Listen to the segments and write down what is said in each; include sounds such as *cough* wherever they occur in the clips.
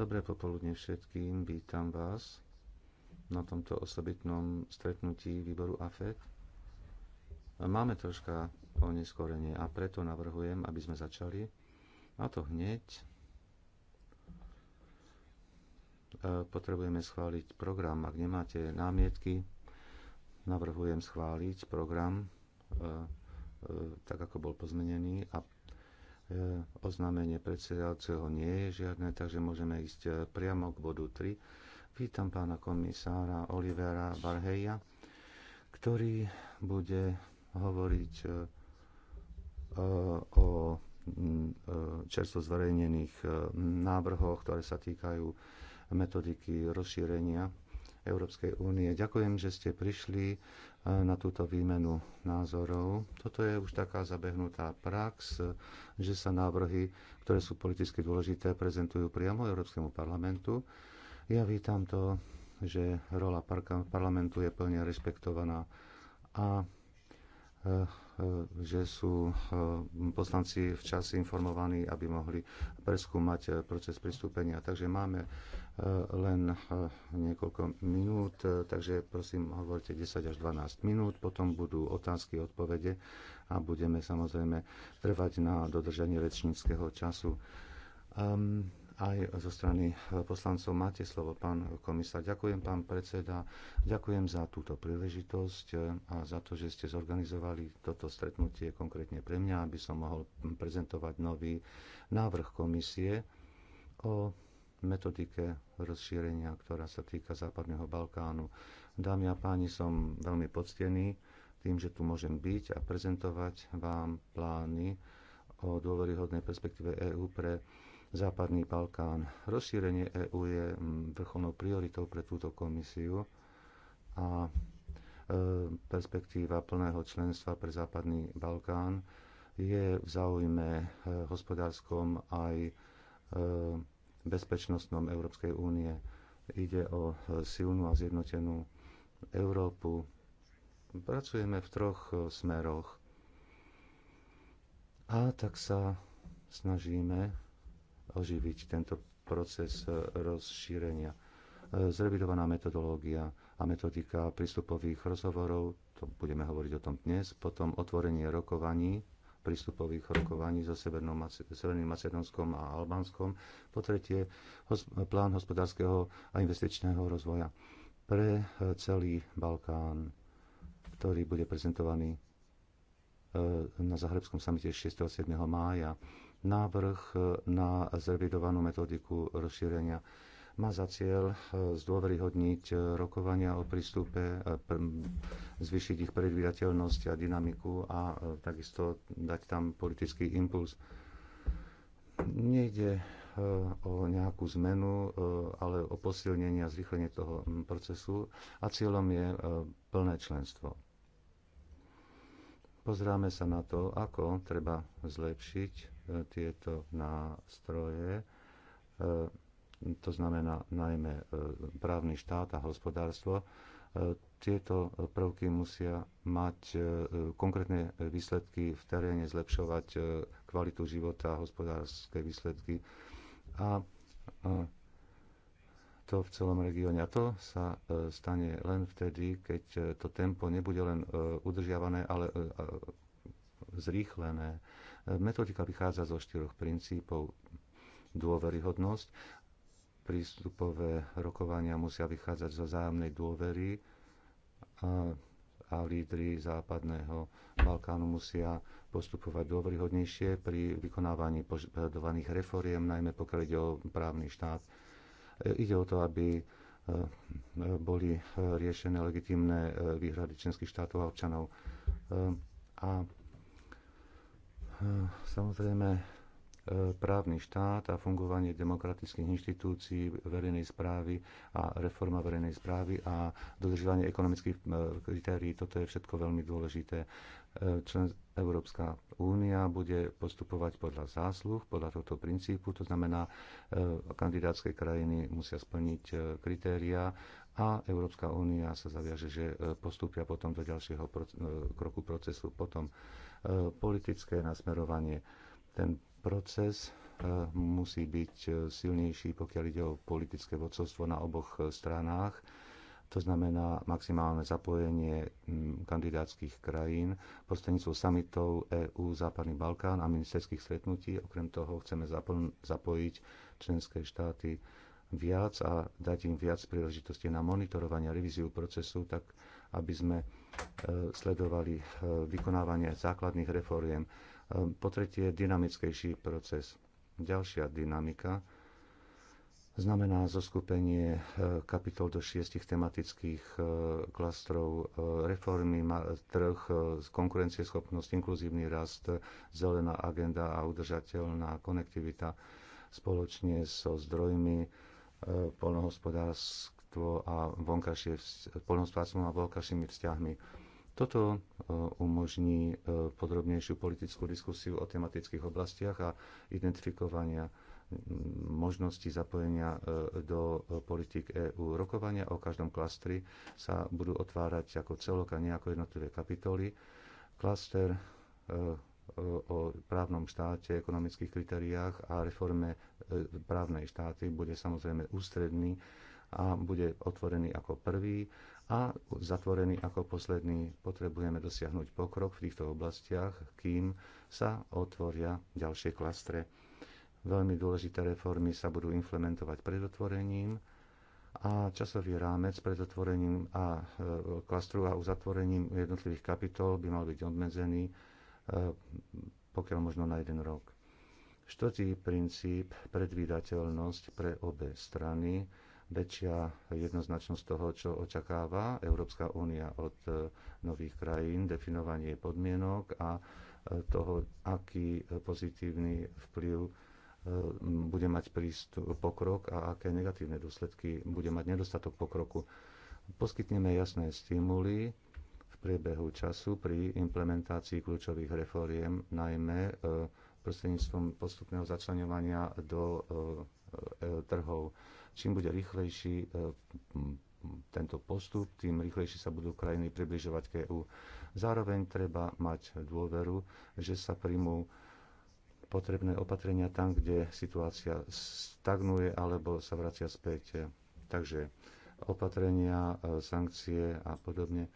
Dobré popoludne všetkým, vítam vás na tomto osobitnom stretnutí výboru AFED. Máme troška oneskorenie a preto navrhujem, aby sme začali. A to hneď. E, potrebujeme schváliť program. Ak nemáte námietky, navrhujem schváliť program e, e, tak, ako bol pozmenený a E, oznámenie predsedajúceho nie je žiadne, takže môžeme ísť e, priamo k bodu 3. Vítam pána komisára Olivera Barheja, ktorý bude hovoriť e, o čerstvo zverejnených návrhoch, ktoré sa týkajú metodiky rozšírenia Európskej únie. Ďakujem, že ste prišli e, na túto výmenu názorov. Toto je už taká zabehnutá prax, e, že sa návrhy, ktoré sú politicky dôležité, prezentujú priamo Európskemu parlamentu. Ja vítam to, že rola parlamentu je plne rešpektovaná a Eh, eh, že sú eh, poslanci včas informovaní, aby mohli preskúmať proces pristúpenia. Takže máme len niekoľko minút, takže prosím, hovorte 10 až 12 minút, potom budú otázky, odpovede a budeme samozrejme trvať na dodržanie rečníckého času. Um, aj zo strany eh, poslancov. Máte slovo, pán komisár. Ďakujem, pán predseda. Ďakujem za túto príležitosť eh, a za to, že ste zorganizovali toto stretnutie konkrétne pre mňa, aby som mohol prezentovať nový návrh komisie o metodike rozšírenia, ktorá sa týka Západného Balkánu. Dámy a páni, som veľmi poctený tým, že tu môžem byť a prezentovať vám plány o dôveryhodnej perspektíve EÚ pre Západný Balkán. Rozšírenie EÚ je mm, vrcholnou prioritou pre túto komisiu a e, perspektíva plného členstva pre Západný Balkán je v záujme e, hospodárskom aj e, bezpečnostnom Európskej únie. Ide o silnú a zjednotenú Európu. Pracujeme v troch smeroch. A tak sa snažíme oživiť tento proces e, rozšírenia. E, zrevidovaná metodológia a metodika prístupových rozhovorov, to budeme hovoriť o tom dnes, potom otvorenie rokovaní, prístupových rokovaní so Severným, Severným Macedónskom a Albánskom, po tretie plán hospodárskeho a investičného rozvoja pre e, celý Balkán, ktorý bude prezentovaný na Zahrebskom samite 6. a 7. mája návrh e, na zrevidovanú metodiku rozšírenia má za cieľ e, zdôveryhodniť e, rokovania o prístupe, zvýšiť ich predvídateľnosť a dynamiku a takisto dať tam politický impuls. Nejde o nejakú zmenu, ale o posilnenie a zrýchlenie toho procesu a cieľom je plné členstvo. Pozráme sa na to, ako treba zlepšiť E, tieto nástroje. E, to znamená najmä e, právny štát a hospodárstvo. Tieto prvky musia mať konkrétne výsledky v teréne, zlepšovať kvalitu života, hospodárske výsledky a to v celom regióne. A to sa stane len vtedy, keď to tempo nebude len udržiavané, ale zrýchlené. Metodika vychádza zo štyroch princípov dôveryhodnosť. Prístupové rokovania musia vychádzať zo zájomnej dôvery a, a lídry západného Balkánu musia postupovať dôveryhodnejšie pri vykonávaní požadovaných reforiem, najmä pokiaľ ide o právny štát. E, ide o to, aby e, boli e, riešené legitimné výhrady členských štátov a občanov. A Eh, samozrejme, eh, právny štát a fungovanie demokratických inštitúcií, verejnej správy a reforma verejnej správy a dodržovanie ekonomických eh, kritérií, toto je všetko veľmi dôležité. E, člen, Európska únia bude postupovať podľa zásluh, podľa tohto princípu, to znamená, e, kandidátske krajiny musia splniť e, kritéria a Európska únia sa zaviaže, že postupia potom do ďalšieho kroku procesu. Potom politické nasmerovanie. Ten proces musí byť silnejší, pokiaľ ide o politické vodcovstvo na oboch stranách to znamená maximálne zapojenie mm, kandidátskych krajín prostredníctvom samitov EÚ Západný Balkán a ministerských stretnutí. Okrem toho chceme zapojiť členské štáty viac a dať im viac príležitosti na monitorovanie a revíziu procesu, tak aby sme e, sledovali e, vykonávanie základných reforiem. E, po tretie, dynamickejší proces. Ďalšia dynamika znamená zoskupenie e, kapitol do šiestich tematických e, klastrov e, reformy, trh, konkurencieschopnosť, inkluzívny rast, zelená agenda a udržateľná konektivita spoločne so zdrojmi polnohospodárstvo a vonkajšie, polnohospodárstvom a vonkajšími vzťahmi. Toto umožní podrobnejšiu politickú diskusiu o tematických oblastiach a identifikovania možnosti zapojenia e, do e, politik EÚ. Rokovania o každom klastri sa budú otvárať ako celok a nie ako jednotlivé kapitoly. Klaster e, o právnom štáte, ekonomických kritériách a reforme právnej štáty bude samozrejme ústredný a bude otvorený ako prvý a zatvorený ako posledný. Potrebujeme dosiahnuť pokrok v týchto oblastiach, kým sa otvoria ďalšie klastre. Veľmi dôležité reformy sa budú implementovať pred otvorením a časový rámec pred otvorením a e, klastru a uzatvorením jednotlivých kapitol by mal byť obmedzený e, pokiaľ možno na jeden rok. Štvrtý princíp, predvídateľnosť pre obe strany, väčšia jednoznačnosť toho, čo očakáva Európska únia od e, nových krajín, definovanie podmienok a toho, aký pozitívny vplyv E, bude mať prístup, pokrok a aké negatívne dôsledky bude mať nedostatok pokroku. Poskytneme jasné stimuly v priebehu času pri implementácii kľúčových reforiem, najmä e, prostredníctvom postupného začlenovania do e, trhov. Čím bude rýchlejší tento postup, tým rýchlejšie sa budú krajiny približovať k EÚ. Zároveň treba mať dôveru, že sa príjmú potrebné opatrenia tam, kde situácia stagnuje alebo sa vracia späť. Takže opatrenia, e, sankcie a podobne. E,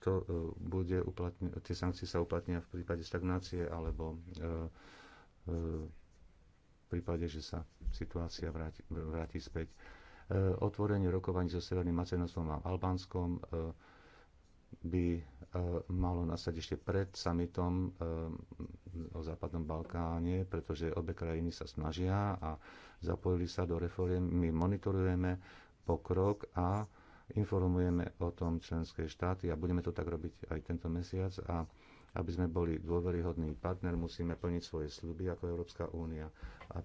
to e, bude uplatne, tie sankcie sa uplatnia v prípade stagnácie alebo v prípade, že sa situácia vráti, vráti späť. Otvorenie rokovaní so Severným Macedónskom a Albánskom by e, malo nastať ešte pred summitom e, o Západnom Balkáne, pretože obe krajiny sa snažia a zapojili sa do reforiem. My monitorujeme pokrok a informujeme o tom členské štáty a budeme to tak robiť aj tento mesiac. A aby sme boli dôveryhodný partner, musíme plniť svoje sľuby ako Európska únia. A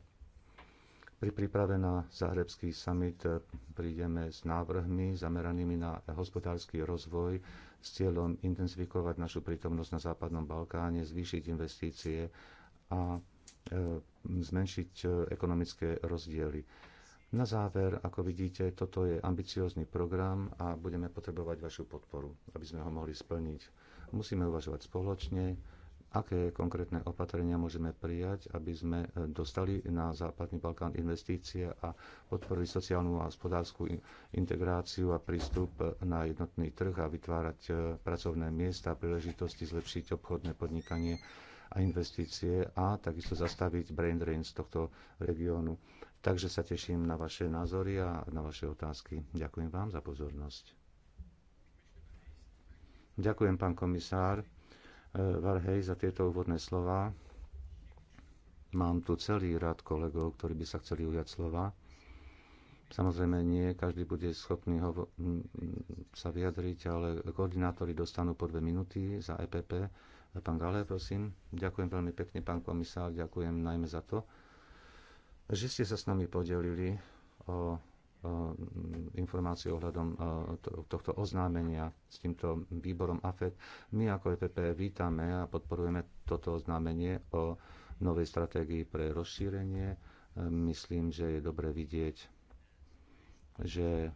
pri príprave na Zahrebský summit eh, prídeme s návrhmi zameranými na hospodársky rozvoj s cieľom intenzifikovať našu prítomnosť na Západnom Balkáne, zvýšiť investície a eh, zmenšiť eh, ekonomické rozdiely. Na záver, ako vidíte, toto je ambiciózny program a budeme potrebovať vašu podporu, aby sme ho mohli splniť. Musíme uvažovať spoločne, aké konkrétne opatrenia môžeme prijať, aby sme e, dostali na Západný Balkán investície a podporili sociálnu a hospodárskú integráciu a prístup e, na jednotný trh a vytvárať e, pracovné miesta, a príležitosti, zlepšiť obchodné podnikanie a investície a takisto zastaviť brain drain z tohto regiónu. Takže sa teším na vaše názory a na vaše otázky. Ďakujem vám za pozornosť. Ďakujem, pán komisár. Varhej za tieto úvodné slova. Mám tu celý rád kolegov, ktorí by sa chceli ujať slova. Samozrejme nie, každý bude schopný sa vyjadriť, ale koordinátori dostanú po dve minúty za EPP. Pán Gale, prosím. Ďakujem veľmi pekne, pán komisár, ďakujem najmä za to, že ste sa s nami podelili o Eh, informácií ohľadom eh, tohto oznámenia s týmto výborom AFED. My ako EPP vítame a podporujeme toto oznámenie o novej stratégii pre rozšírenie. Eh, myslím, že je dobre vidieť, že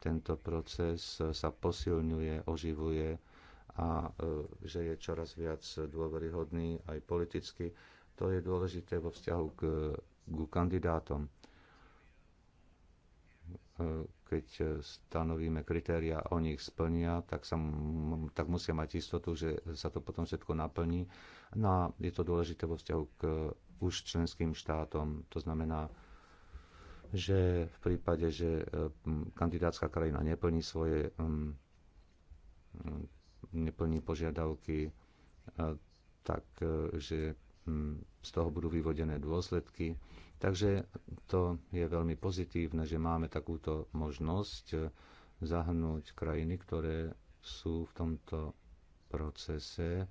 tento proces sa posilňuje, oživuje a že je čoraz viac dôveryhodný aj politicky. To je dôležité vo vzťahu k, k kandidátom E, keď e, stanovíme kritéria, oni ich splnia, tak, sa, tak musia mať istotu, že sa to potom všetko naplní. No a je to dôležité vo vzťahu k e, už členským štátom. To znamená, že v prípade, že kandidátska krajina neplní svoje neplní požiadavky, tak že z toho budú vyvodené dôsledky Takže to je veľmi pozitívne, že máme takúto možnosť eh, zahrnúť krajiny, ktoré sú v tomto procese.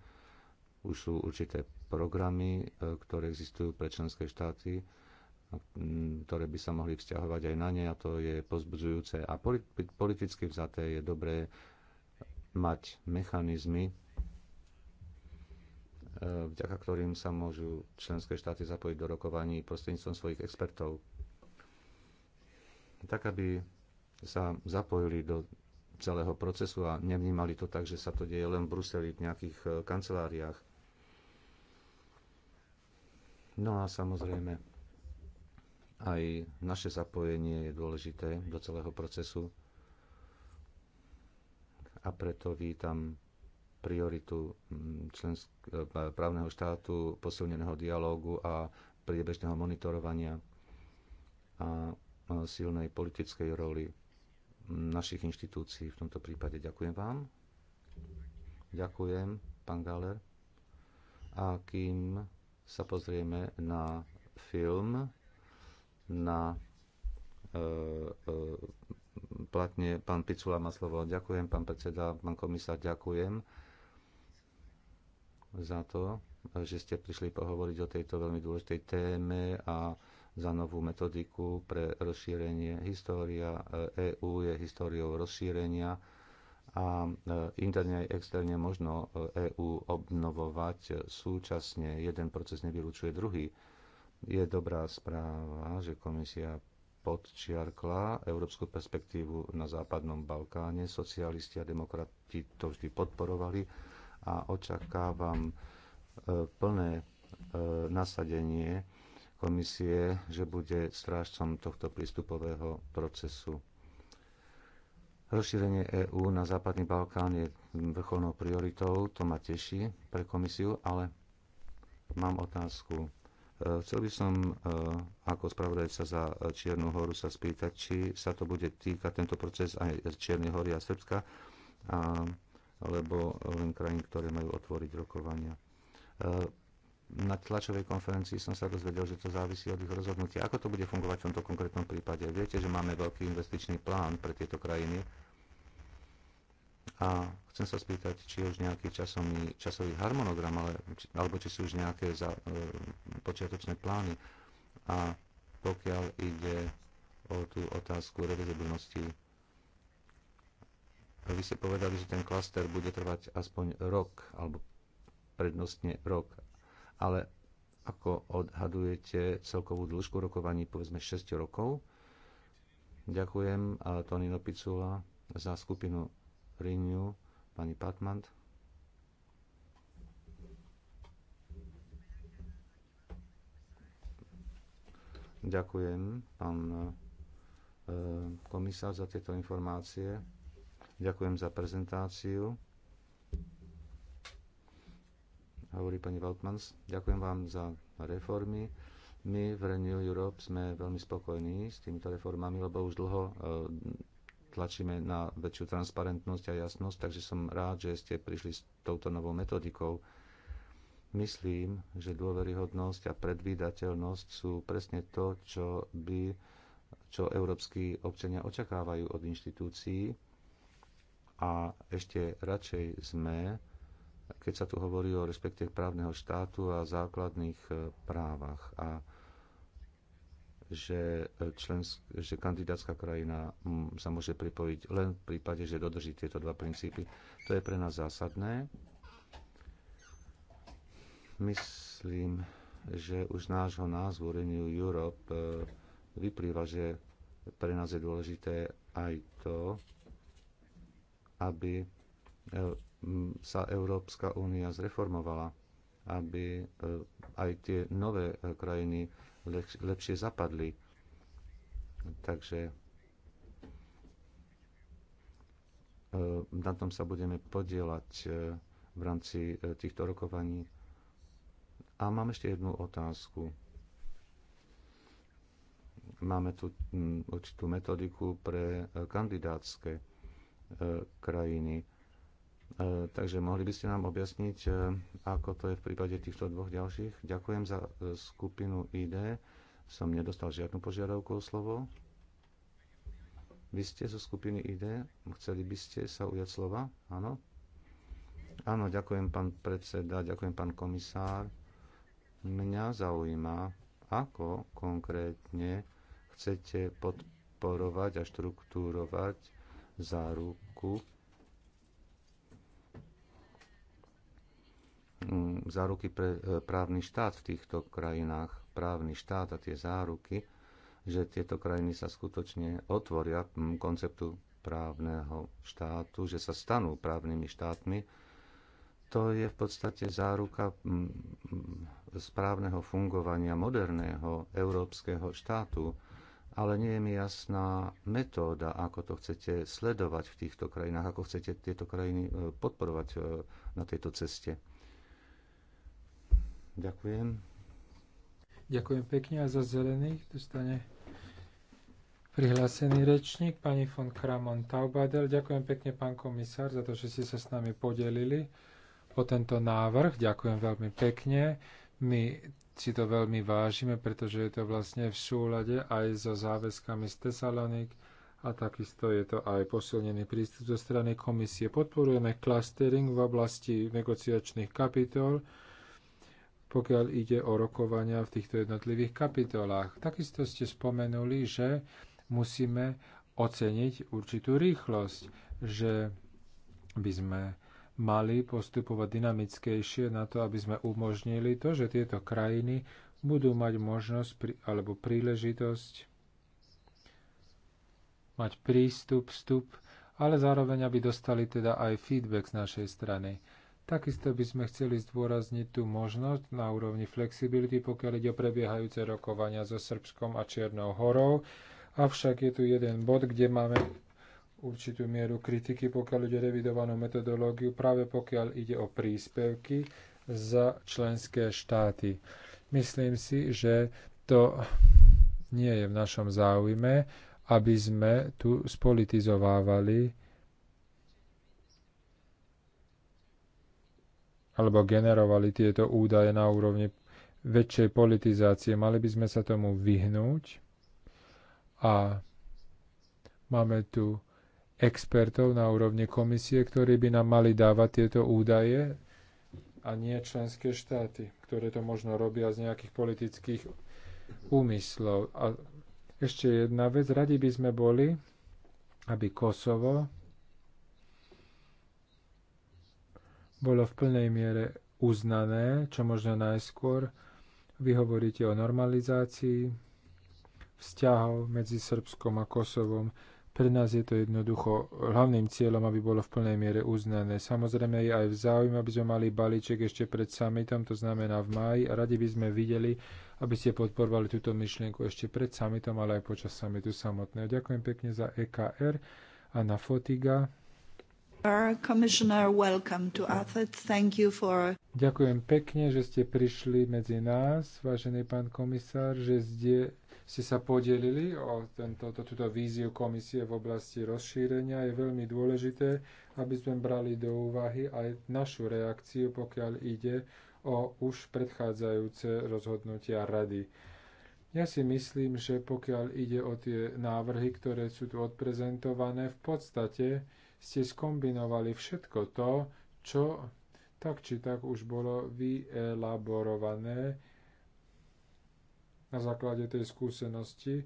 Už sú určité programy, eh, ktoré existujú pre členské štáty, hm, ktoré by sa mohli vzťahovať aj na ne a to je pozbudzujúce. A politicky vzaté je dobré mať mechanizmy, vďaka ktorým sa môžu členské štáty zapojiť do rokovaní prostredníctvom svojich expertov. Tak, aby sa zapojili do celého procesu a nevnímali to tak, že sa to deje len v Bruseli, v nejakých e, kanceláriách. No a samozrejme, aj naše zapojenie je dôležité do celého procesu a preto vítam prioritu mm, člensk- e, právneho štátu, posilneného dialógu a priebežného monitorovania a silnej politickej roli mm, našich inštitúcií v tomto prípade. Ďakujem vám. Ďakujem, pán Galer. A kým sa pozrieme na film, na e, e, platne, pán Picula má slovo. Ďakujem, pán predseda, pán komisár, ďakujem za to, že ste prišli pohovoriť o tejto veľmi dôležitej téme a za novú metodiku pre rozšírenie. História EÚ e je históriou rozšírenia a e, interne aj externe možno EÚ e obnovovať súčasne. Jeden proces nevylučuje druhý. Je dobrá správa, že komisia podčiarkla európsku perspektívu na západnom Balkáne. Socialisti a demokrati to vždy podporovali a očakávam e, plné e, nasadenie komisie, že bude strážcom tohto prístupového procesu. Rozšírenie EÚ na Západný Balkán je vrcholnou prioritou, to ma teší pre komisiu, ale mám otázku. E, chcel by som ako spravodajca za Čiernu horu sa spýtať, či sa to bude týkať tento proces aj Čiernej hory a Srbska. A alebo len krajín, ktoré majú otvoriť rokovania. E, na tlačovej konferencii som sa dozvedel, že to závisí od ich rozhodnutia. Ako to bude fungovať v tomto konkrétnom prípade? Viete, že máme veľký investičný plán pre tieto krajiny. A chcem sa spýtať, či je už nejaký časový, časový harmonogram, ale, alebo či sú už nejaké za, e, počiatočné plány. A pokiaľ ide o tú otázku revizibilnosti vy ste povedali, že ten klaster bude trvať aspoň rok, alebo prednostne rok. Ale ako odhadujete celkovú dĺžku rokovaní, povedzme 6 rokov? Ďakujem Tonino Picula za skupinu Renew, pani Patmant. Ďakujem, pán eh, komisár, za tieto informácie. Ďakujem za prezentáciu. Hovorí pani Valtmans. Ďakujem vám za reformy. My v Renew Europe sme veľmi spokojní s týmito reformami, lebo už dlho e, tlačíme na väčšiu transparentnosť a jasnosť, takže som rád, že ste prišli s touto novou metodikou. Myslím, že dôveryhodnosť a predvídateľnosť sú presne to, čo, by, čo európsky občania očakávajú od inštitúcií a ešte radšej sme, keď sa tu hovorí o respekte právneho štátu a základných e, právach a že, e, člensk, že kandidátska krajina sa môže pripojiť len v prípade, že dodrží tieto dva princípy. To je pre nás zásadné. Myslím, že už nášho názvu Renew Europe e, vyplýva, že pre nás je dôležité aj to, aby e, sa Európska únia zreformovala, aby e, aj tie nové e, krajiny lepšie zapadli. Takže na tom sa budeme podielať v rámci týchto rokovaní. A mám ešte jednu otázku. Máme tu určitú metodiku pre kandidátske krajiny. E, takže mohli by ste nám objasniť, e, ako to je v prípade týchto dvoch ďalších. Ďakujem za e, skupinu ID. Som nedostal žiadnu požiadavku o slovo. Vy ste zo skupiny ID. Chceli by ste sa ujať slova? Áno? Áno, ďakujem pán predseda, ďakujem pán komisár. Mňa zaujíma, ako konkrétne chcete podporovať a štruktúrovať záruku mm, záruky pre e, právny štát v týchto krajinách, právny štát a tie záruky, že tieto krajiny sa skutočne otvoria mm, konceptu právneho štátu, že sa stanú právnymi štátmi, to je v podstate záruka mm, správneho fungovania moderného európskeho štátu ale nie je mi jasná metóda, ako to chcete sledovať v týchto krajinách, ako chcete tieto krajiny e, podporovať e, na tejto ceste. Ďakujem. Ďakujem pekne a za zelených dostane prihlásený rečník, pani von Kramon Taubadel. Ďakujem pekne, pán komisár, za to, že ste sa s nami podelili o tento návrh. Ďakujem veľmi pekne. My si to veľmi vážime, pretože je to vlastne v súlade aj so záväzkami z Tesalonik a takisto je to aj posilnený prístup zo strany komisie. Podporujeme clustering v oblasti negociačných kapitol, pokiaľ ide o rokovania v týchto jednotlivých kapitolách. Takisto ste spomenuli, že musíme oceniť určitú rýchlosť, že by sme mali postupovať dynamickejšie na to, aby sme umožnili to, že tieto krajiny budú mať možnosť alebo príležitosť mať prístup, vstup, ale zároveň, aby dostali teda aj feedback z našej strany. Takisto by sme chceli zdôrazniť tú možnosť na úrovni flexibility, pokiaľ ide o prebiehajúce rokovania so Srbskom a Čiernou horou. Avšak je tu jeden bod, kde máme určitú mieru kritiky, pokiaľ ide revidovanú metodológiu, práve pokiaľ ide o príspevky za členské štáty. Myslím si, že to nie je v našom záujme, aby sme tu spolitizovávali alebo generovali tieto údaje na úrovni väčšej politizácie. Mali by sme sa tomu vyhnúť a máme tu expertov na úrovni komisie, ktorí by nám mali dávať tieto údaje a nie členské štáty, ktoré to možno robia z nejakých politických úmyslov. A ešte jedna vec, radi by sme boli, aby Kosovo bolo v plnej miere uznané, čo možno najskôr. Vy hovoríte o normalizácii vzťahov medzi Srbskom a Kosovom pre nás je to jednoducho hlavným cieľom, aby bolo v plnej miere uznané. Samozrejme je aj v záujme, aby sme mali balíček ešte pred summitom, to znamená v máji. A radi by sme videli, aby ste podporovali túto myšlienku ešte pred summitom, ale aj počas summitu samotného. Ďakujem pekne za EKR a na Fotiga. Ďakujem pekne, že ste prišli medzi nás, vážený pán komisár, že ste ste sa podelili o tento, to, túto víziu komisie v oblasti rozšírenia. Je veľmi dôležité, aby sme brali do úvahy aj našu reakciu, pokiaľ ide o už predchádzajúce rozhodnutia rady. Ja si myslím, že pokiaľ ide o tie návrhy, ktoré sú tu odprezentované, v podstate ste skombinovali všetko to, čo tak či tak už bolo vyelaborované na základe tej skúsenosti,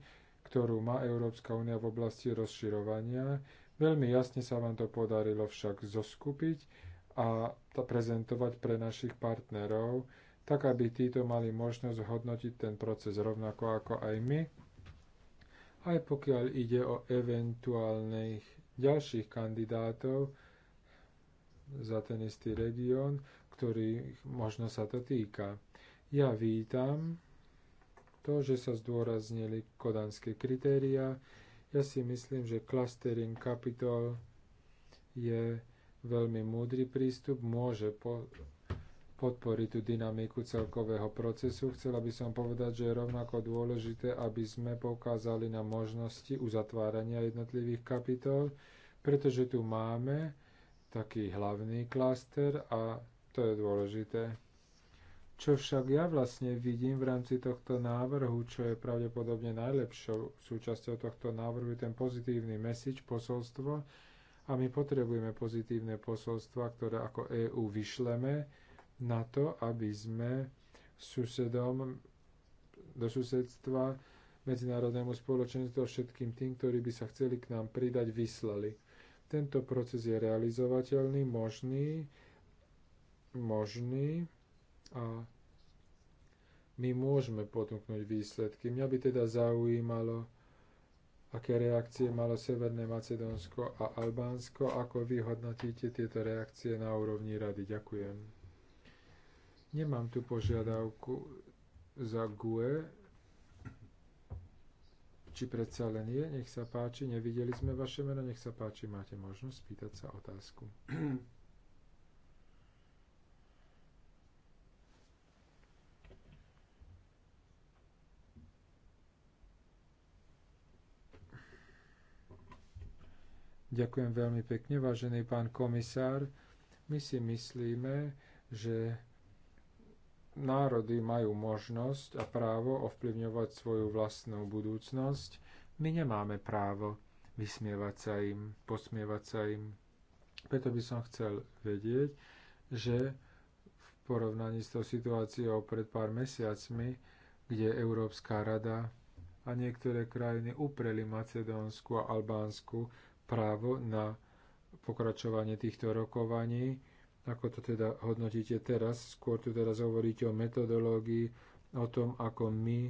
ktorú má Európska únia v oblasti rozširovania. Veľmi jasne sa vám to podarilo však zoskupiť a prezentovať pre našich partnerov, tak aby títo mali možnosť hodnotiť ten proces rovnako ako aj my, aj pokiaľ ide o eventuálnych ďalších kandidátov za ten istý región, ktorých možno sa to týka. Ja vítam to, že sa zdôraznili kodanské kritériá. Ja si myslím, že clustering kapitol je veľmi múdry prístup, môže po, podporiť tú dynamiku celkového procesu. Chcela by som povedať, že je rovnako dôležité, aby sme poukázali na možnosti uzatvárania jednotlivých kapitol, pretože tu máme taký hlavný klaster a to je dôležité. Čo však ja vlastne vidím v rámci tohto návrhu, čo je pravdepodobne najlepšou súčasťou tohto návrhu, je ten pozitívny message, posolstvo. A my potrebujeme pozitívne posolstva, ktoré ako EÚ vyšleme na to, aby sme susedom do susedstva medzinárodnému spoločenstvu a všetkým tým, ktorí by sa chceli k nám pridať, vyslali. Tento proces je realizovateľný, možný, možný, a my môžeme potomknúť výsledky. Mňa by teda zaujímalo, aké reakcie malo Severné Macedónsko a Albánsko, ako vy hodnotíte tieto reakcie na úrovni rady. Ďakujem. Nemám tu požiadavku za GUE, či predsa len je, nech sa páči, nevideli sme vaše meno, nech sa páči, máte možnosť spýtať sa otázku. *clears throat* Ďakujem veľmi pekne, vážený pán komisár. My si myslíme, že národy majú možnosť a právo ovplyvňovať svoju vlastnú budúcnosť. My nemáme právo vysmievať sa im, posmievať sa im. Preto by som chcel vedieť, že v porovnaní s tou situáciou pred pár mesiacmi, kde Európska rada a niektoré krajiny upreli Macedónsku a Albánsku právo na pokračovanie týchto rokovaní. Ako to teda hodnotíte teraz? Skôr tu teraz hovoríte o metodológii, o tom, ako my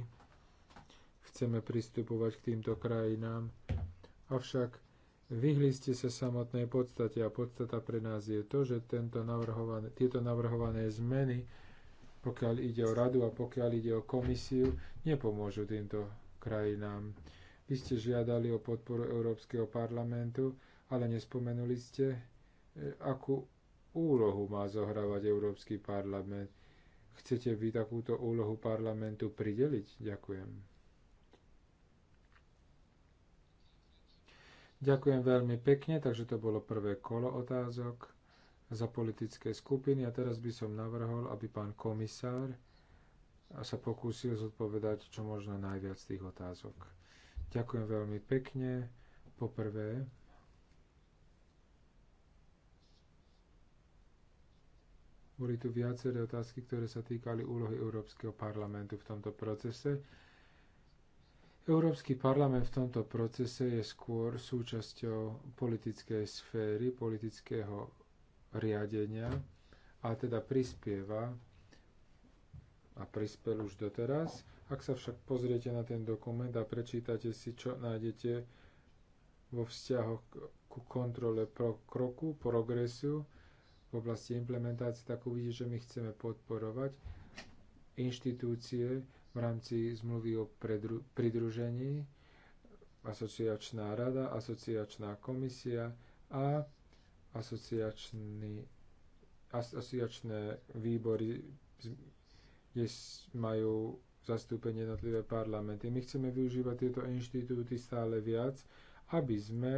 chceme pristupovať k týmto krajinám. Avšak vyhli ste sa samotnej podstate a podstata pre nás je to, že tento navrhované, tieto navrhované zmeny, pokiaľ ide o radu a pokiaľ ide o komisiu, nepomôžu týmto krajinám. Vy ste žiadali o podporu Európskeho parlamentu, ale nespomenuli ste, e, akú úlohu má zohrávať Európsky parlament. Chcete vy takúto úlohu parlamentu prideliť? Ďakujem. Ďakujem veľmi pekne, takže to bolo prvé kolo otázok za politické skupiny a teraz by som navrhol, aby pán komisár sa pokúsil zodpovedať čo možno najviac tých otázok. Ďakujem veľmi pekne. Poprvé, boli tu viaceré otázky, ktoré sa týkali úlohy Európskeho parlamentu v tomto procese. Európsky parlament v tomto procese je skôr súčasťou politickej sféry, politického riadenia a teda prispieva a prispel už doteraz ak sa však pozriete na ten dokument a prečítate si, čo nájdete vo vzťahoch ku kontrole pro kroku, progresu v oblasti implementácie, tak uvidíte, že my chceme podporovať inštitúcie v rámci zmluvy o pridružení, asociačná rada, asociačná komisia a asociačný, asociačné výbory kde majú zastúpenie jednotlivé parlamenty. My chceme využívať tieto inštitúty stále viac, aby sme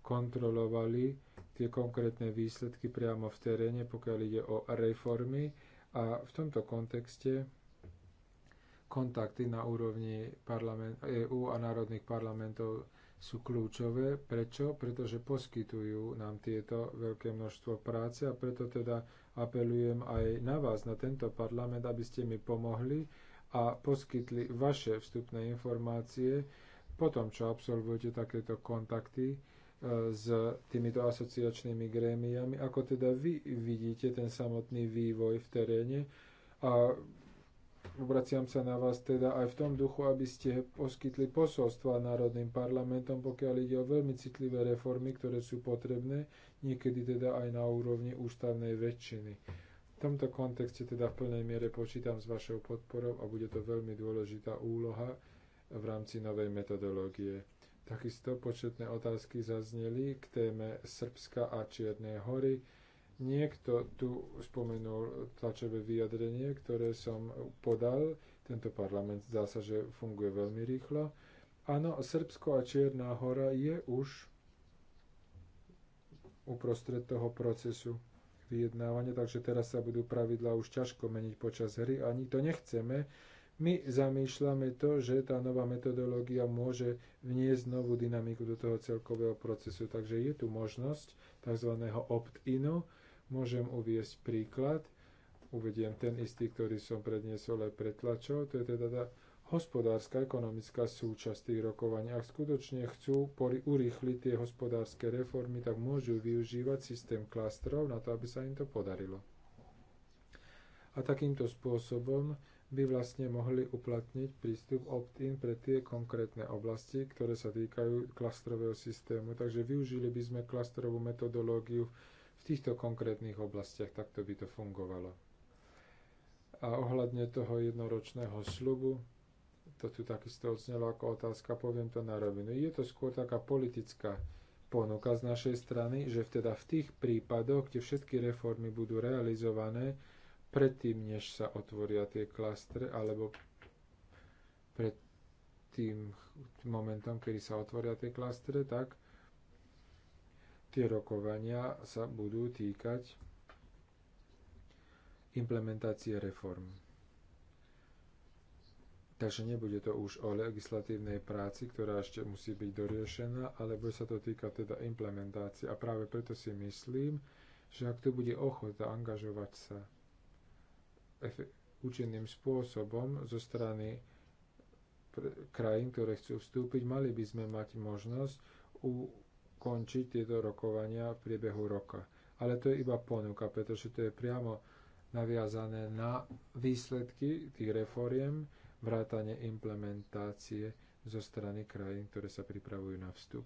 kontrolovali tie konkrétne výsledky priamo v teréne, pokiaľ ide o reformy. A v tomto kontexte kontakty na úrovni EÚ e a národných parlamentov sú kľúčové. Prečo? Pretože poskytujú nám tieto veľké množstvo práce a preto teda apelujem aj na vás, na tento parlament, aby ste mi pomohli a poskytli vaše vstupné informácie po tom, čo absolvujete takéto kontakty e, s týmito asociačnými grémiami, ako teda vy vidíte ten samotný vývoj v teréne a obraciam sa na vás teda aj v tom duchu, aby ste poskytli posolstva národným parlamentom, pokiaľ ide o veľmi citlivé reformy, ktoré sú potrebné, niekedy teda aj na úrovni ústavnej väčšiny. V tomto kontexte teda v plnej miere počítam s vašou podporou a bude to veľmi dôležitá úloha v rámci novej metodológie. Takisto početné otázky zazneli k téme Srbska a Čiernej hory. Niekto tu spomenul tlačové vyjadrenie, ktoré som podal. Tento parlament zdá sa, že funguje veľmi rýchlo. Áno, Srbsko a Čierna hora je už uprostred toho procesu vyjednávania, takže teraz sa budú pravidlá už ťažko meniť počas hry ani to nechceme. My zamýšľame to, že tá nová metodológia môže vniesť novú dynamiku do toho celkového procesu. Takže je tu možnosť tzv. opt-inu. Môžem uviesť príklad. Uvediem ten istý, ktorý som predniesol aj pretlačov, To je teda tá hospodárska, ekonomická súčasť tých rokovaní. Ak skutočne chcú urýchliť tie hospodárske reformy, tak môžu využívať systém klastrov na to, aby sa im to podarilo. A takýmto spôsobom by vlastne mohli uplatniť prístup opt-in pre tie konkrétne oblasti, ktoré sa týkajú klastrového systému. Takže využili by sme klastrovú metodológiu v týchto konkrétnych oblastiach. Takto by to fungovalo. A ohľadne toho jednoročného slubu, to tu takisto odznelo ako otázka, poviem to na rovinu. Je to skôr taká politická ponuka z našej strany, že teda v tých prípadoch, kde všetky reformy budú realizované, predtým, než sa otvoria tie klastre, alebo pred tým momentom, kedy sa otvoria tie klastre, tak tie rokovania sa budú týkať implementácie reform. Takže nebude to už o legislatívnej práci, ktorá ešte musí byť doriešená, ale bude sa to týka teda implementácie. A práve preto si myslím, že ak tu bude ochota angažovať sa účinným spôsobom zo strany krajín, ktoré chcú vstúpiť, mali by sme mať možnosť ukončiť tieto rokovania v priebehu roka. Ale to je iba ponuka, pretože to je priamo naviazané na výsledky tých reforiem, vrátane implementácie zo strany krajín, ktoré sa pripravujú na vstup.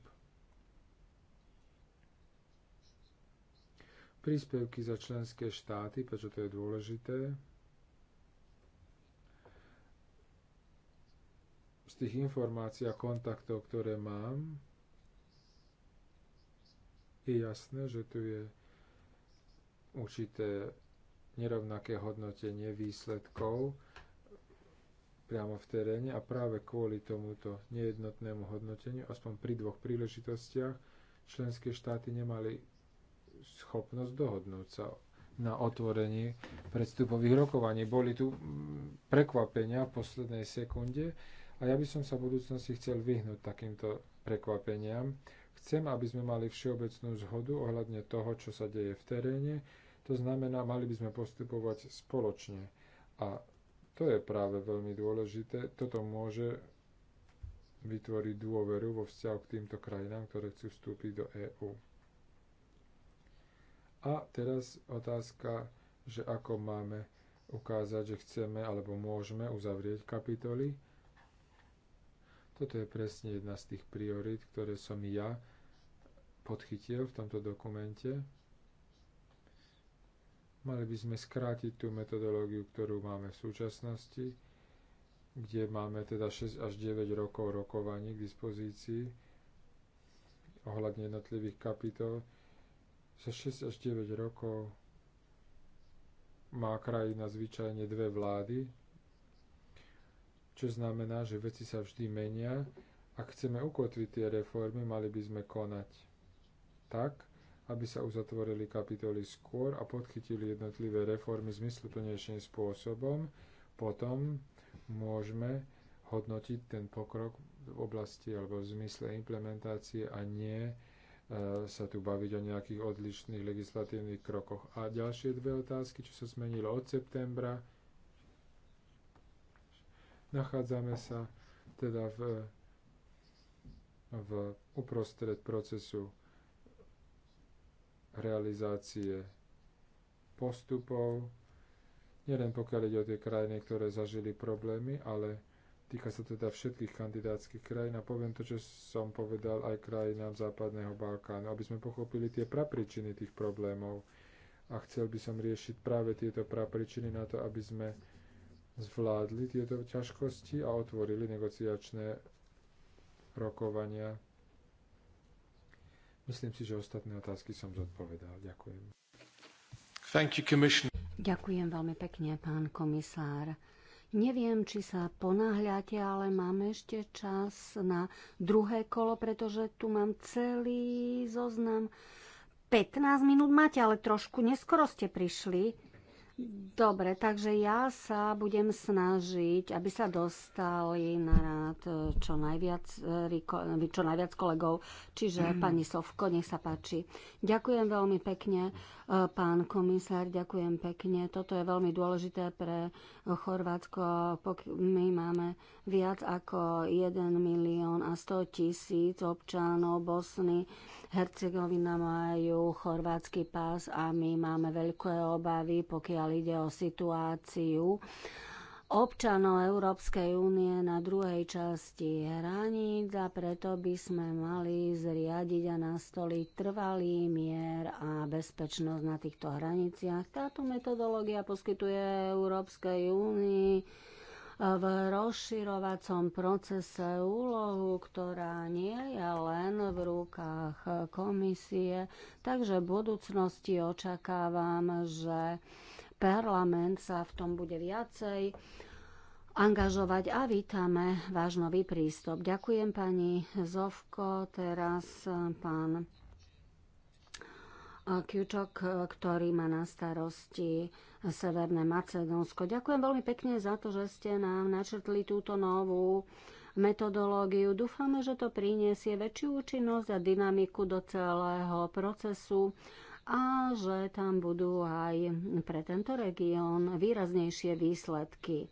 Príspevky za členské štáty, prečo to je dôležité. Z tých informácií a kontaktov, ktoré mám, je jasné, že tu je určité nerovnaké hodnotenie výsledkov priamo v teréne a práve kvôli tomuto nejednotnému hodnoteniu, aspoň pri dvoch príležitostiach, členské štáty nemali schopnosť dohodnúť sa na otvorení predstupových rokovaní. Boli tu mm, prekvapenia v poslednej sekunde a ja by som sa v budúcnosti chcel vyhnúť takýmto prekvapeniam. Chcem, aby sme mali všeobecnú zhodu ohľadne toho, čo sa deje v teréne, to znamená, mali by sme postupovať spoločne a to je práve veľmi dôležité. Toto môže vytvoriť dôveru vo vzťahu k týmto krajinám, ktoré chcú vstúpiť do EÚ. A teraz otázka, že ako máme ukázať, že chceme alebo môžeme uzavrieť kapitoly. Toto je presne jedna z tých priorit, ktoré som ja podchytil v tomto dokumente. Mali by sme skrátiť tú metodológiu, ktorú máme v súčasnosti, kde máme teda 6 až 9 rokov rokovaní k dispozícii ohľadne jednotlivých kapitol. Za 6 až 9 rokov má krajina zvyčajne dve vlády, čo znamená, že veci sa vždy menia. Ak chceme ukotviť tie reformy, mali by sme konať tak, aby sa uzatvorili kapitoly skôr a podchytili jednotlivé reformy zmysluplnejším spôsobom. Potom môžeme hodnotiť ten pokrok v oblasti alebo v zmysle implementácie a nie e, sa tu baviť o nejakých odlišných legislatívnych krokoch. A ďalšie dve otázky, čo sa zmenilo od septembra. Nachádzame sa teda v, v uprostred procesu realizácie postupov, nielen pokiaľ ide o tie krajiny, ktoré zažili problémy, ale týka sa teda všetkých kandidátskych krajín a poviem to, čo som povedal aj krajinám Západného Balkánu, aby sme pochopili tie prapričiny tých problémov a chcel by som riešiť práve tieto prapričiny na to, aby sme zvládli tieto ťažkosti a otvorili negociačné rokovania Myslím si, že ostatné otázky som zodpovedal. Ďakujem. Thank you, commission. Ďakujem veľmi pekne, pán komisár. Neviem, či sa ponáhľate, ale máme ešte čas na druhé kolo, pretože tu mám celý zoznam. 15 minút máte, ale trošku neskoro ste prišli. Dobre, takže ja sa budem snažiť, aby sa dostali na rád e, čo najviac, e, e, čo najviac kolegov, čiže mm. *clears throat* pani Sovko, nech sa páči. Ďakujem veľmi pekne, pán komisár, ďakujem pekne. Toto je veľmi dôležité pre Chorvátsko. My máme viac ako 1 milión a 100 tisíc občanov Bosny Hercegovina majú chorvátsky pás a my máme veľké obavy, pokiaľ ide o situáciu občanov Európskej únie na druhej časti hraníc a preto by sme mali zriadiť a nastoliť trvalý mier a bezpečnosť na týchto hraniciach. Táto metodológia poskytuje Európskej únii v rozširovacom procese úlohu, ktorá nie je len v rukách komisie. Takže v budúcnosti očakávam, že parlament sa v tom bude viacej angažovať a vítame váš nový prístup. Ďakujem pani Zovko, teraz eh, pán Kiučok, eh, ktorý má na starosti eh, Severné Macedónsko. Ďakujem veľmi pekne za to, že ste nám načrtli túto novú metodológiu. Dúfame, že to priniesie väčšiu účinnosť a dynamiku do celého procesu a že tam budú aj pre tento región výraznejšie výsledky.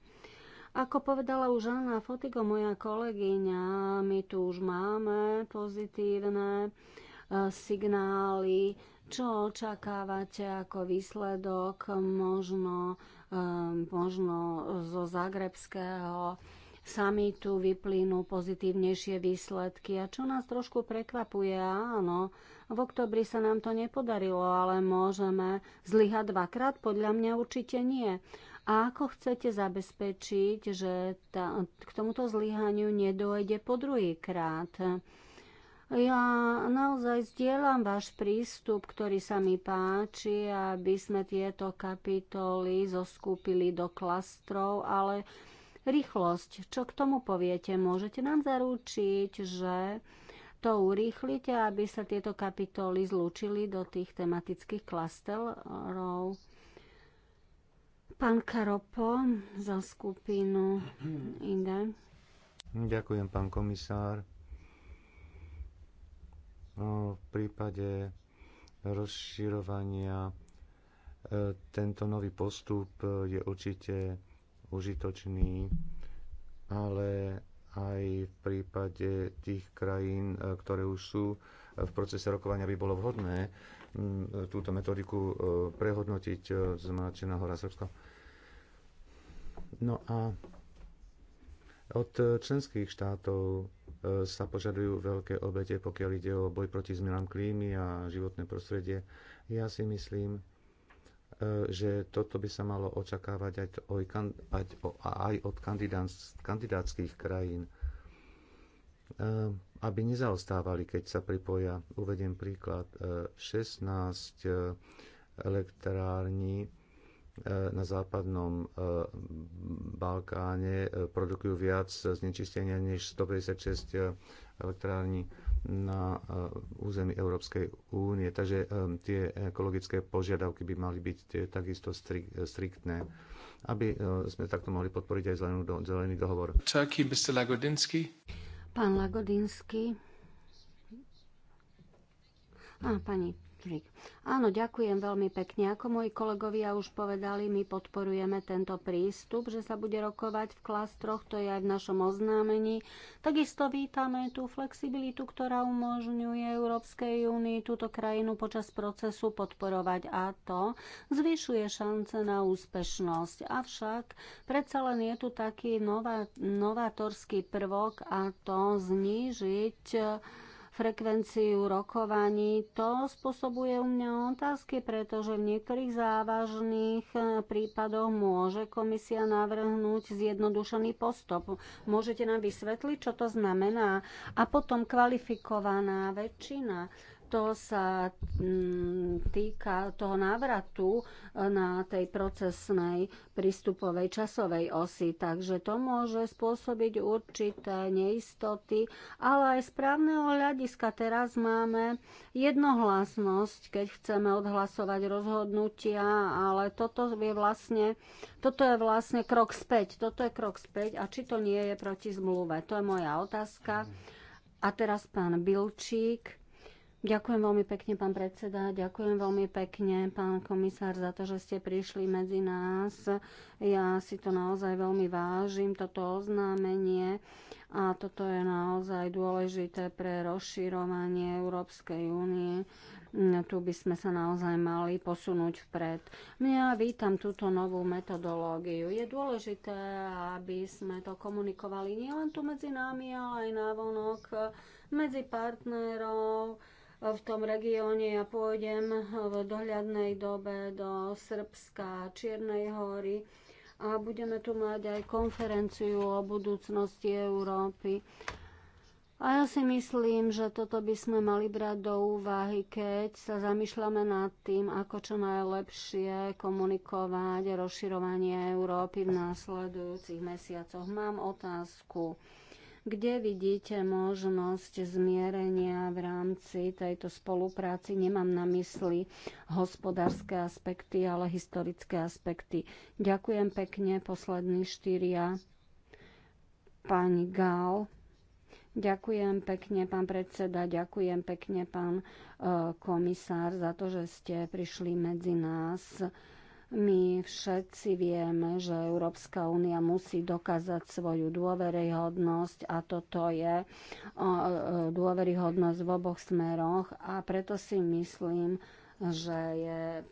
Ako povedala už Anna Fotigo, moja kolegyňa, my tu už máme pozitívne eh, signály čo očakávate ako výsledok možno, ehm, možno zo zagrebského samitu vyplynú pozitívnejšie výsledky? A čo nás trošku prekvapuje, áno, v oktobri sa nám to nepodarilo, ale môžeme zlyhať dvakrát? Podľa mňa určite nie. A ako chcete zabezpečiť, že ta, k tomuto zlyhaniu nedojde po druhýkrát? krát? Ja naozaj zdieľam váš prístup, ktorý sa mi páči, aby sme tieto kapitoly zoskúpili do klastrov, ale rýchlosť, čo k tomu poviete? Môžete nám zaručiť, že to urýchlite, aby sa tieto kapitoly zlúčili do tých tematických klastrov? Pán Karopo za skupinu inde. Ďakujem, pán komisár. No, v prípade rozširovania e, tento nový postup e, je určite užitočný, ale aj v prípade tých krajín, e, ktoré už sú v procese rokovania, by bolo vhodné túto metodiku prehodnotiť z Mlačená hora Srbska. No a od členských štátov E, sa požadujú veľké obete, pokiaľ ide o boj proti zmenám klímy a životné prostredie. Ja si myslím, e, že toto by sa malo očakávať aj od kandidátskych krajín, e, aby nezaostávali, keď sa pripoja. Uvediem príklad. 16 elektrární E, na západnom e, Balkáne e, produkujú viac znečistenia než 156 elektrární na území Európskej únie. Takže tie ekologické požiadavky by mali byť takisto striktné, aby sme takto mohli podporiť aj zelenú, zelený dohovor. Čaký, Mr. Lagodinský? Pán Lagodinský. A, pani Patrick. Áno, ďakujem veľmi pekne. Ako moji kolegovia už povedali, my podporujeme tento prístup, že sa bude rokovať v klastroch, to je aj v našom oznámení. Takisto vítame tú flexibilitu, ktorá umožňuje Európskej únii túto krajinu počas procesu podporovať a to zvyšuje šance na úspešnosť. Avšak predsa len je tu taký nová, novátorský prvok a to znížiť frekvenciu rokovaní, to spôsobuje u mňa otázky, pretože v niektorých závažných eh, prípadoch môže komisia navrhnúť zjednodušený postup. Môžete nám vysvetliť, čo to znamená? A potom kvalifikovaná väčšina to sa mm, týka toho návratu e, na tej procesnej prístupovej časovej osi. Takže to môže spôsobiť určité neistoty, ale aj správneho hľadiska teraz máme jednohlasnosť, keď chceme odhlasovať rozhodnutia, ale toto je vlastne, toto je vlastne krok späť. Toto je krok späť a či to nie je proti zmluve? To je moja otázka. A teraz pán Bilčík Ďakujem veľmi pekne, pán predseda. Ďakujem veľmi pekne, pán komisár, za to, že ste prišli medzi nás. Ja si to naozaj veľmi vážim, toto oznámenie. A toto je naozaj dôležité pre rozširovanie Európskej únie. Mm, tu by sme sa naozaj mali posunúť vpred. No ja vítam túto novú metodológiu. Je dôležité, aby sme to komunikovali nielen tu medzi nami, ale aj vonok medzi partnerov, v tom regióne. Ja pôjdem v dohľadnej dobe do Srbska, Čiernej hory a budeme tu mať aj konferenciu o budúcnosti Európy. A ja si myslím, že toto by sme mali brať do úvahy, keď sa zamýšľame nad tým, ako čo najlepšie komunikovať rozširovanie Európy v následujúcich mesiacoch. Mám otázku. Kde vidíte možnosť zmierenia v rámci tejto spolupráci? Nemám na mysli hospodárske aspekty, ale historické aspekty. Ďakujem pekne, poslední štyria. Pani Gál. Ďakujem pekne, pán predseda, ďakujem pekne, pán eh, komisár, za to, že ste prišli medzi nás. My všetci vieme, že Európska únia musí dokázať svoju dôveryhodnosť a toto je dôveryhodnosť v oboch smeroch a preto si myslím, že je e,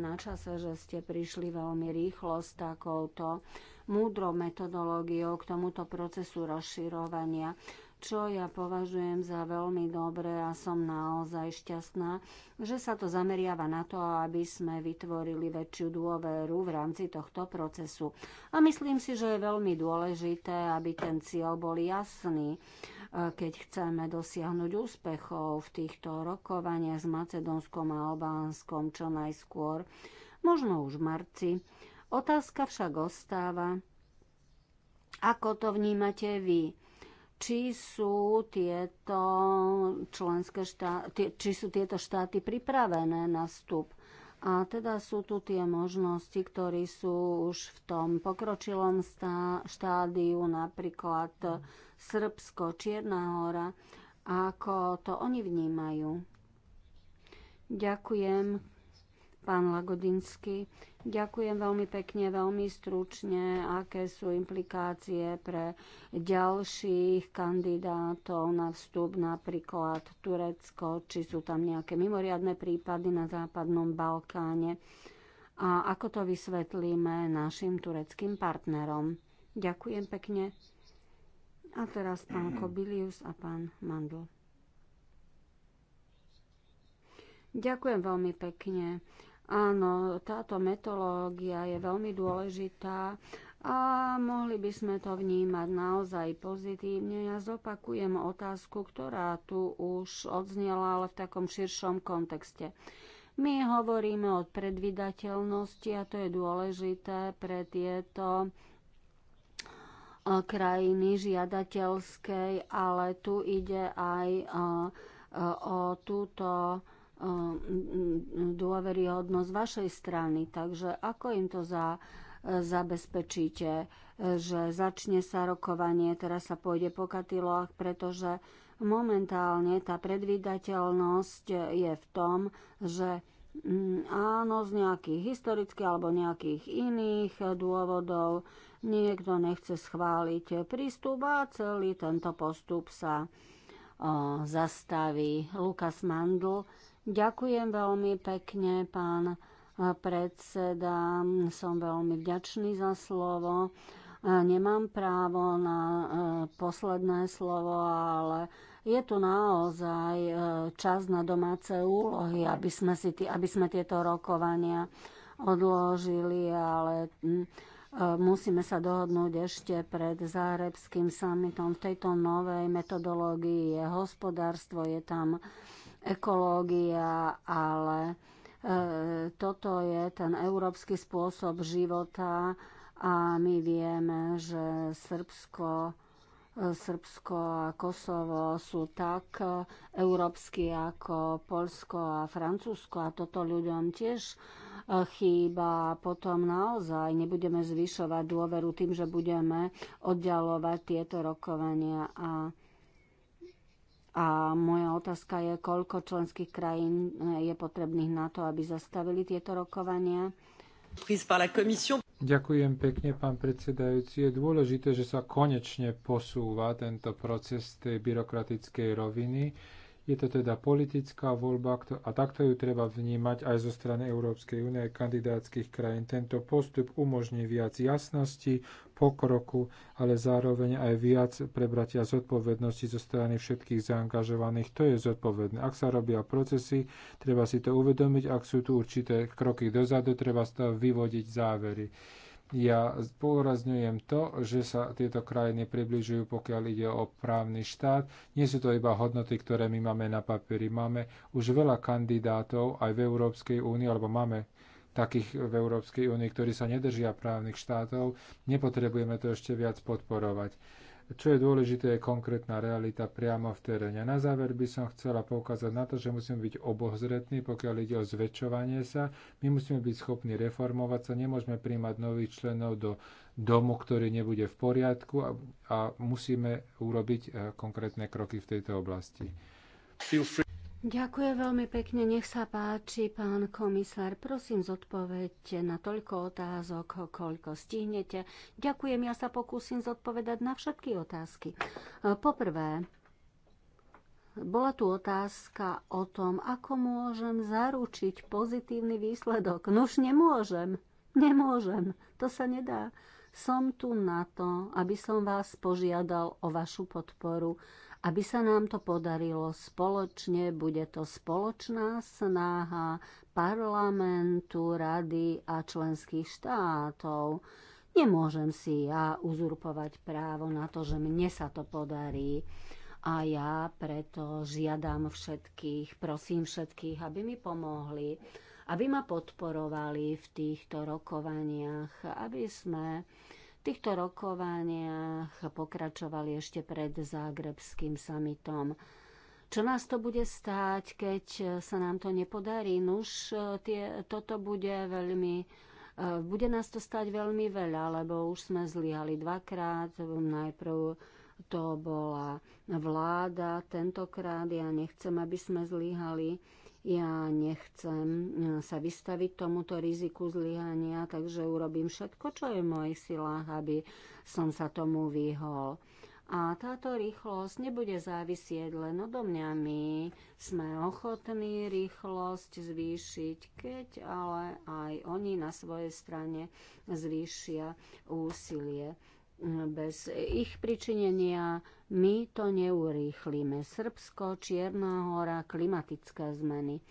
na čase, že ste prišli veľmi rýchlo s takouto múdrou metodológiou k tomuto procesu rozširovania čo ja považujem za veľmi dobré a som naozaj šťastná, že sa to zameriava na to, aby sme vytvorili väčšiu dôveru v rámci tohto procesu. A myslím si, že je veľmi dôležité, aby ten cieľ bol jasný, e, keď chceme dosiahnuť úspechov v týchto rokovaniach s Macedónskom a Albánskom čo najskôr, možno už v marci. Otázka však ostáva, ako to vnímate vy? či sú tieto členské štáty, či sú tieto štáty pripravené na vstup. A teda sú tu tie možnosti, ktorí sú už v tom pokročilom stá, štádiu, napríklad Srbsko, Čierna hora, ako to oni vnímajú. Ďakujem pán Lagodinský. Ďakujem veľmi pekne, veľmi stručne, aké sú implikácie pre ďalších kandidátov na vstup, napríklad Turecko, či sú tam nejaké mimoriadne prípady na Západnom Balkáne a ako to vysvetlíme našim tureckým partnerom. Ďakujem pekne. A teraz pán Kobilius a pán Mandl. Ďakujem veľmi pekne. Áno, táto metológia je veľmi dôležitá a mohli by sme to vnímať naozaj pozitívne. Ja zopakujem otázku, ktorá tu už odznela, ale v takom širšom kontexte. My hovoríme o predvydateľnosti a to je dôležité pre tieto eh, krajiny žiadateľskej, ale tu ide aj o, eh, eh, o túto dôveryhodnosť vašej strany. Takže ako im to za, zabezpečíte, že začne sa rokovanie, teraz sa pôjde po katiloch, pretože momentálne tá predvídateľnosť je v tom, že mm, áno, z nejakých historických alebo nejakých iných dôvodov niekto nechce schváliť prístup a celý tento postup sa o, zastaví. Lukas Mandl Ďakujem veľmi pekne, pán e, predseda. Som veľmi vďačný za slovo. E, nemám právo na e, posledné slovo, ale je tu naozaj čas na domáce úlohy, aby sme, si, aby sme tieto rokovania odložili, ale musíme sa dohodnúť ešte pred zárebským summitom. V tejto novej metodológii je hospodárstvo, je tam ekológia, ale e, toto je ten európsky spôsob života a my vieme, že Srbsko e, Srbsko a Kosovo sú tak európsky ako Polsko a Francúzsko a toto ľuďom tiež e, chýba. Potom naozaj nebudeme zvyšovať dôveru tým, že budeme oddialovať tieto rokovania a a moja otázka je, koľko členských krajín eh, je potrebných na to, aby zastavili tieto rokovania. Ďakujem pekne, pán predsedajúci. Je dôležité, že sa konečne posúva tento proces tej byrokratickej roviny je to teda politická voľba a takto ju treba vnímať aj zo strany Európskej únie aj kandidátskych krajín. Tento postup umožní viac jasnosti, pokroku, ale zároveň aj viac prebratia zodpovednosti zo strany všetkých zaangažovaných. To je zodpovedné. Ak sa robia procesy, treba si to uvedomiť. Ak sú tu určité kroky dozadu, treba z toho vyvodiť závery. Ja zdôrazňujem to, že sa tieto krajiny približujú, pokiaľ ide o právny štát. Nie sú to iba hodnoty, ktoré my máme na papieri. Máme už veľa kandidátov aj v Európskej únii, alebo máme takých v Európskej únii, ktorí sa nedržia právnych štátov. Nepotrebujeme to ešte viac podporovať. Čo je dôležité, je konkrétna realita priamo v teréne. Na záver by som chcela poukázať na to, že musíme byť obozretní, pokiaľ ide o zväčšovanie sa. My musíme byť schopní reformovať sa, nemôžeme príjmať nových členov do domu, ktorý nebude v poriadku a, a musíme urobiť eh, konkrétne kroky v tejto oblasti. Ďakujem veľmi pekne, nech sa páči, pán komisár. Prosím, zodpovedte na toľko otázok, koľko stihnete. Ďakujem, ja sa pokúsim zodpovedať na všetky otázky. E, poprvé, bola tu otázka o tom, ako môžem zaručiť pozitívny výsledok. No už nemôžem, nemôžem, to sa nedá. Som tu na to, aby som vás požiadal o vašu podporu aby sa nám to podarilo spoločne, bude to spoločná snaha parlamentu, rady a členských štátov. Nemôžem si ja uzurpovať právo na to, že mne sa to podarí. A ja preto žiadam všetkých, prosím všetkých, aby mi pomohli, aby ma podporovali v týchto rokovaniach, aby sme týchto rokovaniach pokračovali ešte pred zágrebským samitom. Čo nás to bude stáť, keď sa nám to nepodarí? Nuž, tie, toto bude veľmi e, bude nás to stať veľmi veľa, lebo už sme zlyhali dvakrát. Najprv to bola vláda, tentokrát ja nechcem, aby sme zlyhali ja nechcem e, sa vystaviť tomuto riziku zlyhania, takže urobím všetko, čo je v mojich silách, aby som sa tomu vyhol. A táto rýchlosť nebude závisieť len odo mňa. My sme ochotní rýchlosť zvýšiť, keď ale aj oni na svojej strane zvýšia úsilie. Bez ich pričinenia my to neurýchlime. Srbsko, Čierna hora, klimatické zmeny. E,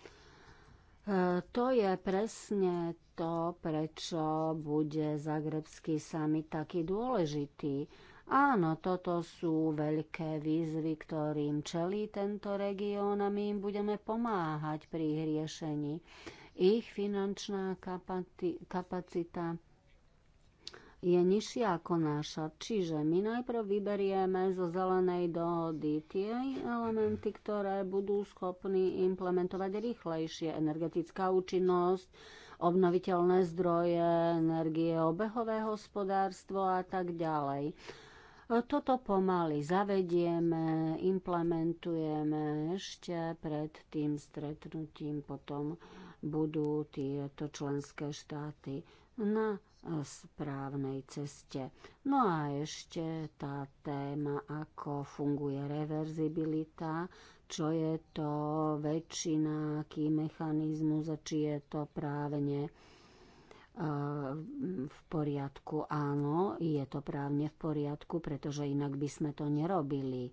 to je presne to, prečo bude Zagrebský summit taký dôležitý. Áno, toto sú veľké výzvy, ktorým čelí tento región a my im budeme pomáhať pri ich riešení. Ich finančná kapacita je nižšia ako naša. Čiže my najprv vyberieme zo zelenej dohody tie elementy, ktoré budú schopní implementovať rýchlejšie. Energetická účinnosť, obnoviteľné zdroje, energie, obehové hospodárstvo a tak ďalej. Toto pomaly zavedieme, implementujeme ešte pred tým stretnutím, potom budú tieto členské štáty na správnej ceste. No a ešte tá téma, ako funguje reverzibilita, čo je to väčšina, aký mechanizmus a či je to právne e, v poriadku. Áno, je to právne v poriadku, pretože inak by sme to nerobili.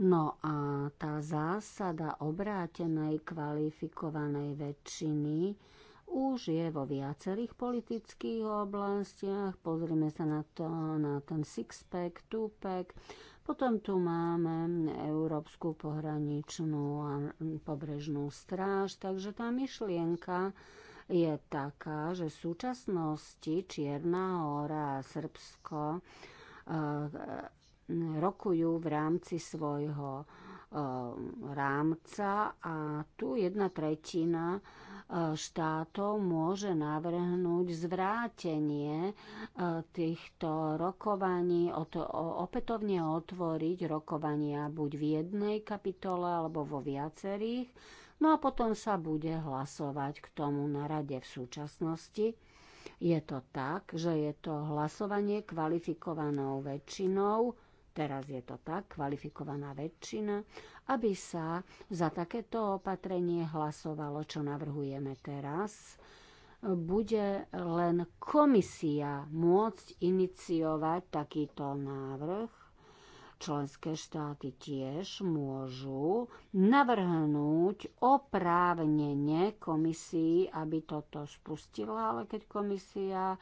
No a tá zásada obrátenej kvalifikovanej väčšiny už je vo viacerých politických oblastiach. Pozrime sa na, to, na ten six-pack, two-pack. Potom tu máme Európsku pohraničnú a pobrežnú stráž. Takže tá myšlienka je taká, že v súčasnosti Čierna hora a Srbsko eh, rokujú v rámci svojho Um, rámca a tu jedna tretina uh, štátov môže navrhnúť zvrátenie uh, týchto rokovaní, opätovne otvoriť rokovania buď v jednej kapitole alebo vo viacerých. No a potom sa bude hlasovať k tomu na rade v súčasnosti. Je to tak, že je to hlasovanie kvalifikovanou väčšinou teraz je to tak, kvalifikovaná väčšina, aby sa za takéto opatrenie hlasovalo, čo navrhujeme teraz, bude len komisia môcť iniciovať takýto návrh. Členské štáty tiež môžu navrhnúť oprávnenie komisii, aby toto spustila, ale keď komisia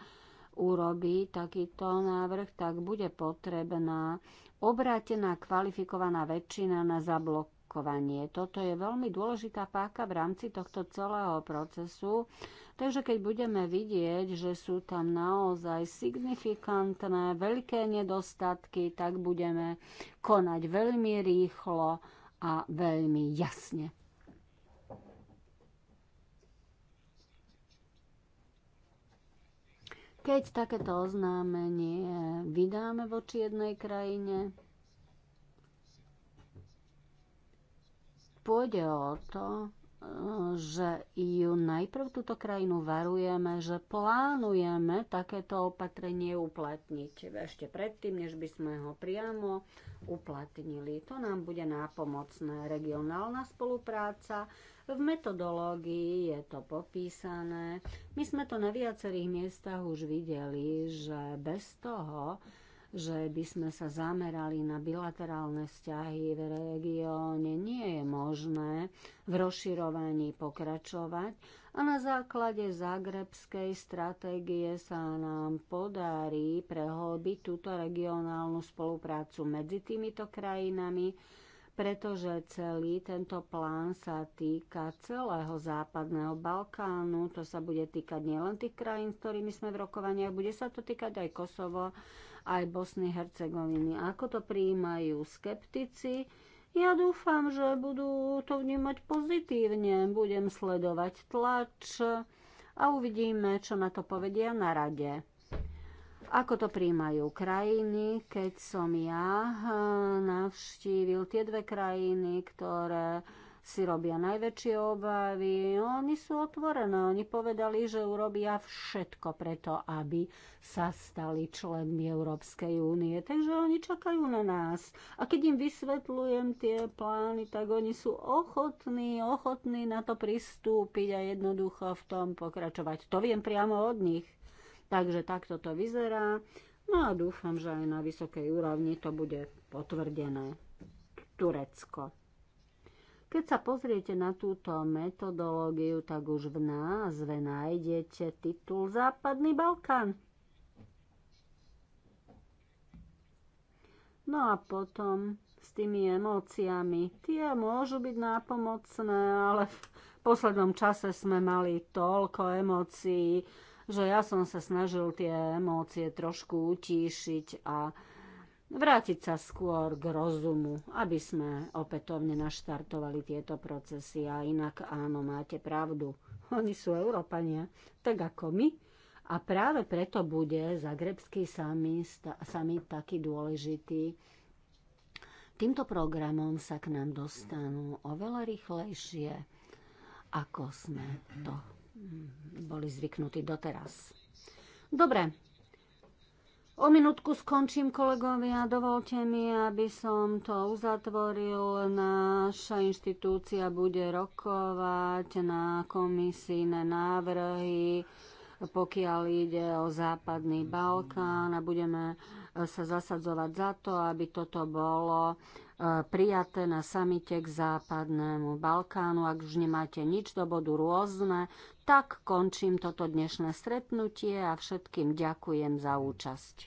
urobí takýto návrh, tak bude potrebná obrátená kvalifikovaná väčšina na zablokovanie. Toto je veľmi dôležitá páka v rámci tohto celého procesu, takže keď budeme vidieť, že sú tam naozaj signifikantné, veľké nedostatky, tak budeme konať veľmi rýchlo a veľmi jasne. Keď takéto oznámenie vydáme voči jednej krajine, pôjde o to, že ju najprv túto krajinu varujeme, že plánujeme takéto opatrenie uplatniť ešte predtým, než by sme ho priamo uplatnili. To nám bude nápomocné. Regionálna spolupráca, v metodológii je to popísané. My sme to na viacerých miestach už videli, že bez toho, že by sme sa zamerali na bilaterálne vzťahy v regióne. Nie je možné v rozširovaní pokračovať a na základe zagrebskej stratégie sa nám podarí prehlbiť túto regionálnu spoluprácu medzi týmito krajinami pretože celý tento plán sa týka celého západného Balkánu. To sa bude týkať nielen tých krajín, s ktorými sme v rokovaniach, bude sa to týkať aj Kosovo, aj Bosny Hercegoviny. Ako to prijímajú skeptici? Ja dúfam, že budú to vnímať pozitívne. Budem sledovať tlač a uvidíme, čo na to povedia na rade. Ako to príjmajú krajiny, keď som ja eh, navštívil tie dve krajiny, ktoré si robia najväčšie obavy. No, oni sú otvorené. Oni povedali, že urobia všetko preto, aby sa stali členmi Európskej únie. Takže oni čakajú na nás. A keď im vysvetľujem tie plány, tak oni sú ochotní, ochotní na to pristúpiť a jednoducho v tom pokračovať. To viem priamo od nich. Takže takto to vyzerá. No a dúfam, že aj na vysokej úrovni to bude potvrdené. Turecko. Keď sa pozriete na túto metodológiu, tak už v názve nájdete titul Západný Balkán. No a potom s tými emóciami. Tie môžu byť nápomocné, ale v poslednom čase sme mali toľko emócií, že ja som sa snažil tie emócie trošku utíšiť a vrátiť sa skôr k rozumu, aby sme opätovne naštartovali tieto procesy. A inak áno, máte pravdu. Oni sú Európania, tak ako my. A práve preto bude Zagrebský summit taký dôležitý. Týmto programom sa k nám dostanú oveľa rýchlejšie, ako sme to boli zvyknutí doteraz. Dobre, O minútku skončím, kolegovia. Dovolte mi, aby som to uzatvoril. Naša inštitúcia bude rokovať na komisijné návrhy, pokiaľ ide o západný Balkán a budeme e, sa zasadzovať za to, aby toto bolo e, prijaté na samite k západnému Balkánu. Ak už nemáte nič do bodu rôzne, tak končím toto dnešné stretnutie a všetkým ďakujem za účasť.